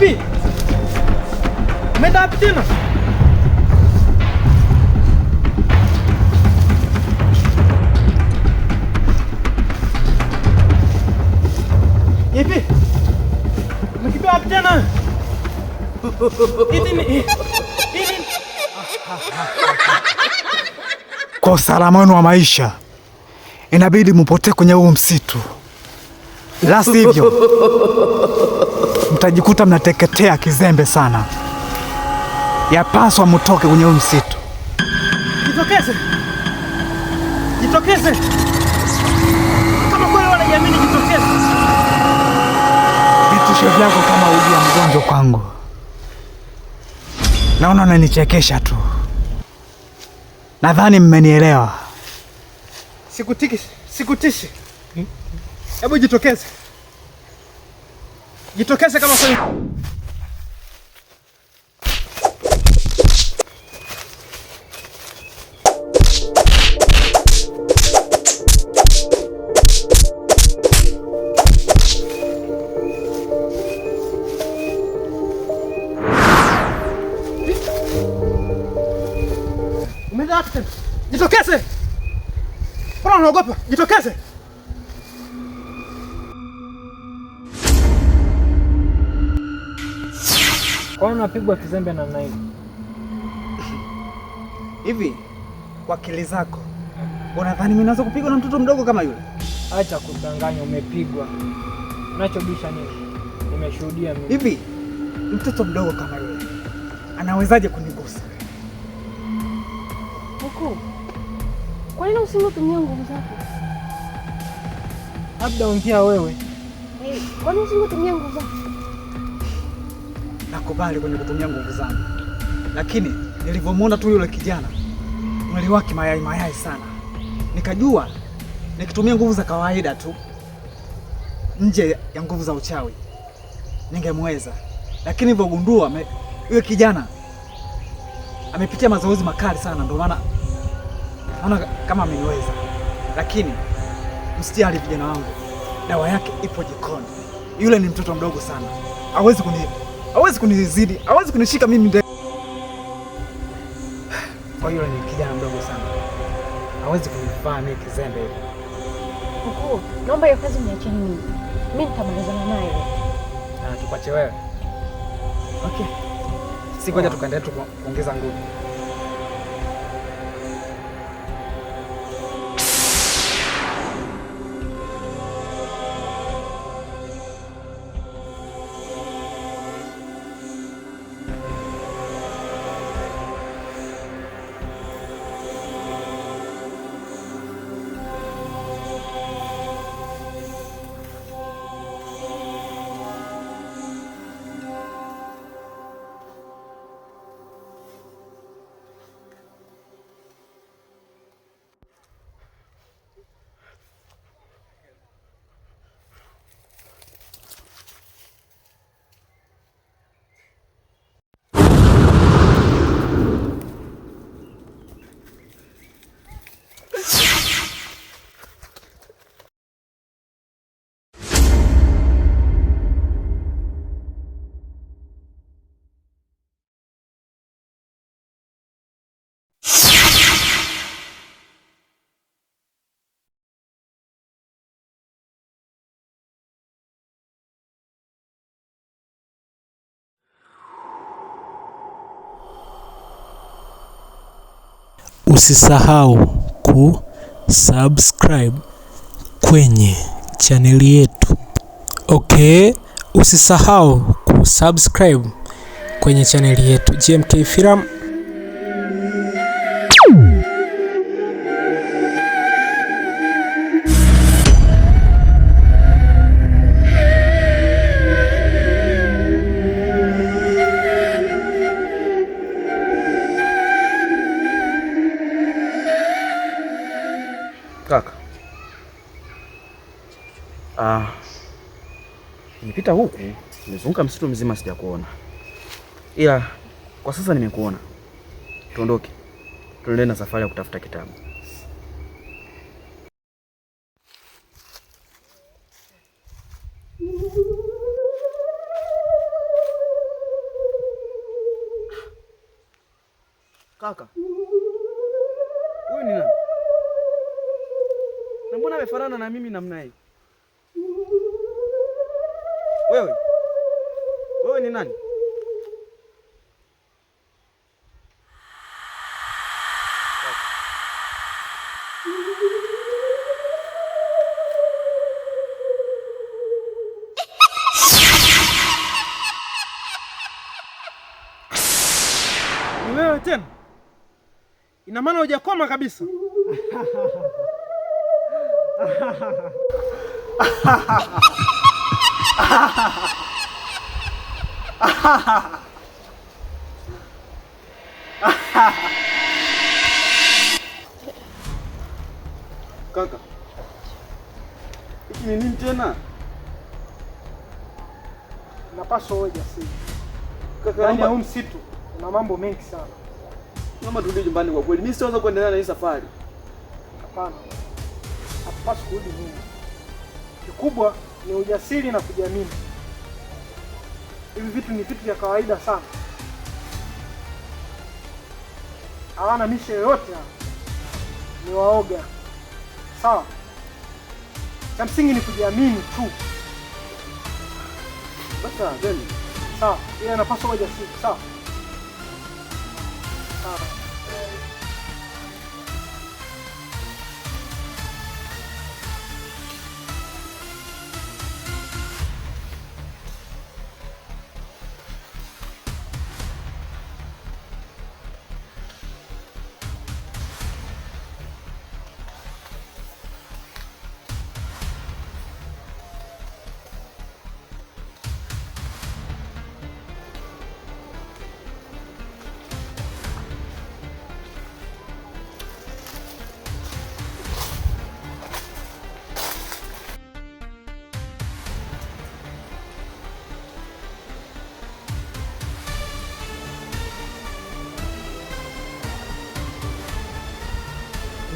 Vipi? Umeenda wapi Kwa usalama wenu wa maisha inabidi mupotee kwenye huu msitu, la sivyo mtajikuta mnateketea kizembe sana. Yapaswa mtoke kwenye huu msitu. Jitokeze, jitokeze! Kama kweli wanajiamini, jitokeze! Vitisho vyako kama uji ya mgonjwa kwangu, naona unanichekesha tu. Nadhani mmenielewa. Sikutiki, sikutishi. Hebu jitokeze. Jitokeze kama kwenye Jitokeze. Bora unaogopa. Jitokeze. Kwa nini unapigwa kizembe na hiyo? Hivi kwa akili zako unadhani mimi naweza kupigwa na mtoto mdogo kama yule? Acha kudanganya, umepigwa. Unachobisha nini? Nimeshuhudia mimi. Hivi mtoto mdogo kama yule anawezaje kunigusa? Huko. Kwa nini usitumie nguvu zako? Labda ongea wewe. Hey, kwa nini usitumie nguvu zako? nakubali kwenye kutumia nguvu zangu, lakini nilivyomwona tu yule kijana mwili wake mayai mayai sana, nikajua nikitumia nguvu za kawaida tu nje ya nguvu za uchawi ningemweza, lakini nilivyogundua yule kijana amepitia mazoezi makali sana, ndio maana naona kama ameniweza. Lakini msijali vijana wangu, dawa yake ipo jikoni. Yule ni mtoto mdogo sana, hawezi kunipa hawezi kunizidi, hawezi kunishika mimi ndani. Kwa hiyo ni kijana mdogo sana, hawezi kunifaa mimi kizembe hivi. Mkuu, naomba hiyo kazi niache mimi, mimi nitamalizana naye. Ah, tupache wewe. Okay, si ngoja tukaendelee tukuongeza nguvu. Usisahau ku subscribe kwenye chaneli yetu. Okay, usisahau subscribe kwenye chaneli yetu GMK Film. Nimepita huku nimezunguka msitu mzima sijakuona, ila kwa sasa nimekuona. Tuondoke, tuendelee na safari ya kutafuta kitabu. Kaka huyu ni nani? Na mbona amefanana na mimi namna hii? Wewe wewe ni nani? Wewe tena, ina maana hujakoma kabisa. Kaka, hiki ni nini tena? Napaswa wewe jasiri. Kaka, ndani ya huu msitu una mambo mengi sana. Naomba turudi nyumbani kwa kweli. Mimi siweza kuendelea na hii safari. Hapana. Hapaswi kurudi nyuma. Kikubwa ni ujasiri na kujiamini. Hivi vitu ni vitu vya kawaida sana, hawana mishe yoyote, ni waoga. Sawa, cha msingi ni kujiamini tu. sawa, ile anapaswa ujasiri. Sawa, sawa.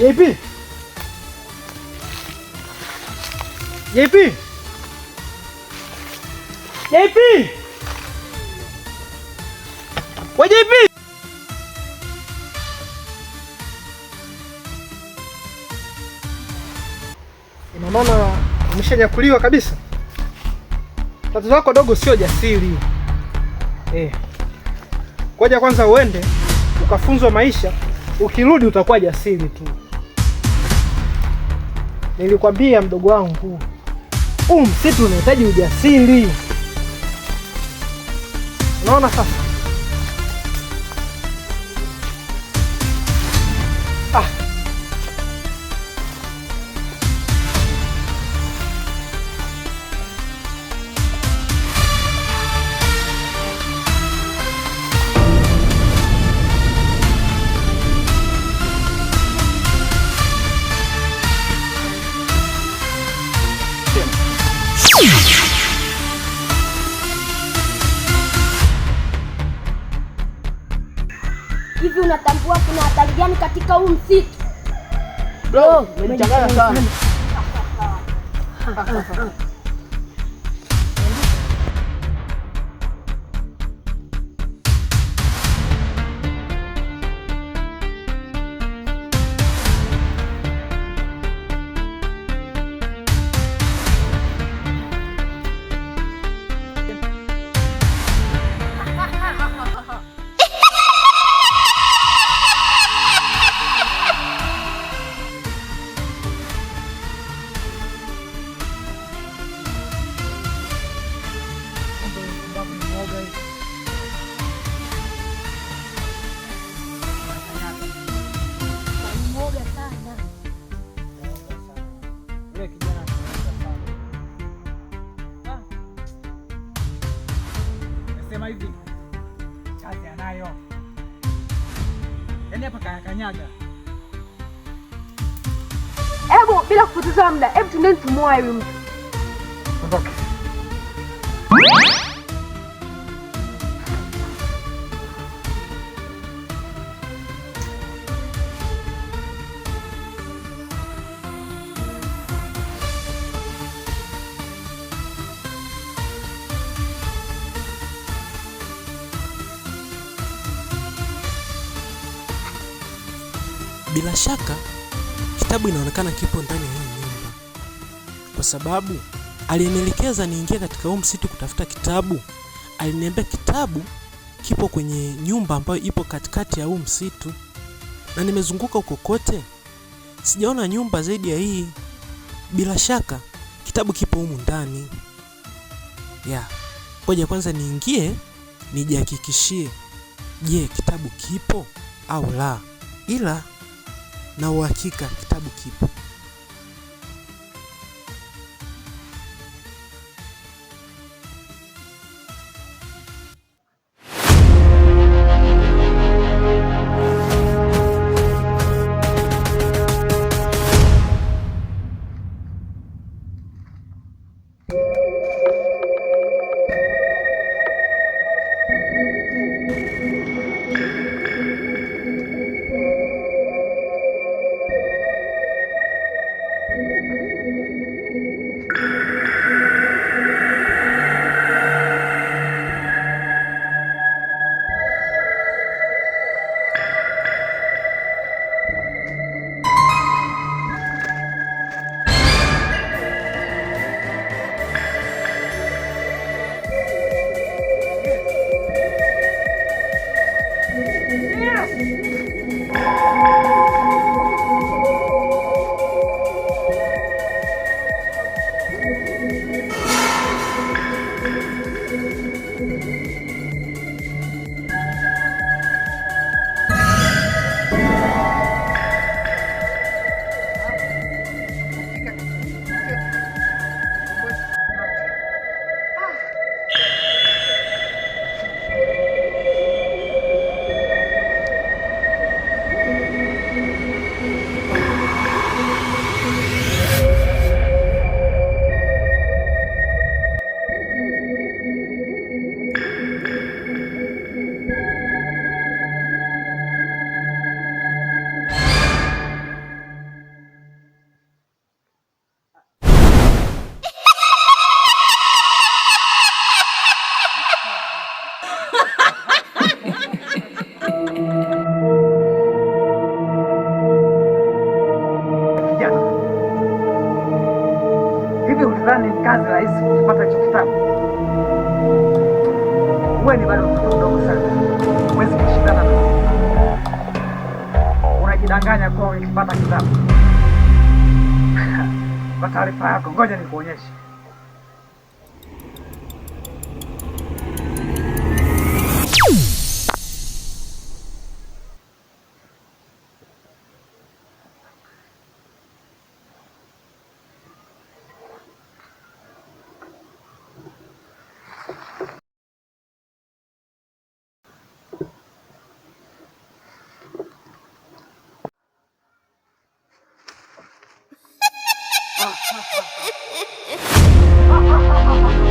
JP. JP. JP. Wa JP. Ina maana umeshanyakuliwa kabisa. Tatizo lako dogo sio jasiri eh. Ngoja kwanza uende ukafunzwa maisha, ukirudi utakuwa jasiri tu. Nilikwambia mdogo wangu, huu um, msitu unahitaji ujasiri. Unaona sasa ndani katika huu msitu. Bro, umenichanganya oh, lah, sana. unafanyaga? Hebu bila kupoteza muda, hebu tuendeni tumuoa huyu mtu. Bila shaka kitabu inaonekana kipo ndani ya hii nyumba, kwa sababu alinielekeza niingie katika huu msitu kutafuta kitabu. Aliniambia kitabu kipo kwenye nyumba ambayo ipo katikati ya huu msitu, na nimezunguka huko kote, sijaona nyumba zaidi ya hii. Bila shaka kitabu kipo humu ndani ya ngoja kwanza niingie nijihakikishie, je, kitabu kipo au la. Ila na uhakika kitabu kipo. Nadhani ni kazi rahisi kupata hicho kitabu. Wewe ni bado mtoto mdogo sana, huwezi kushindana na unajidanganya kuwa ukipata kitabu. Kwa taarifa yako, ngoja nikuonyeshe. Ha ha ha ha ha!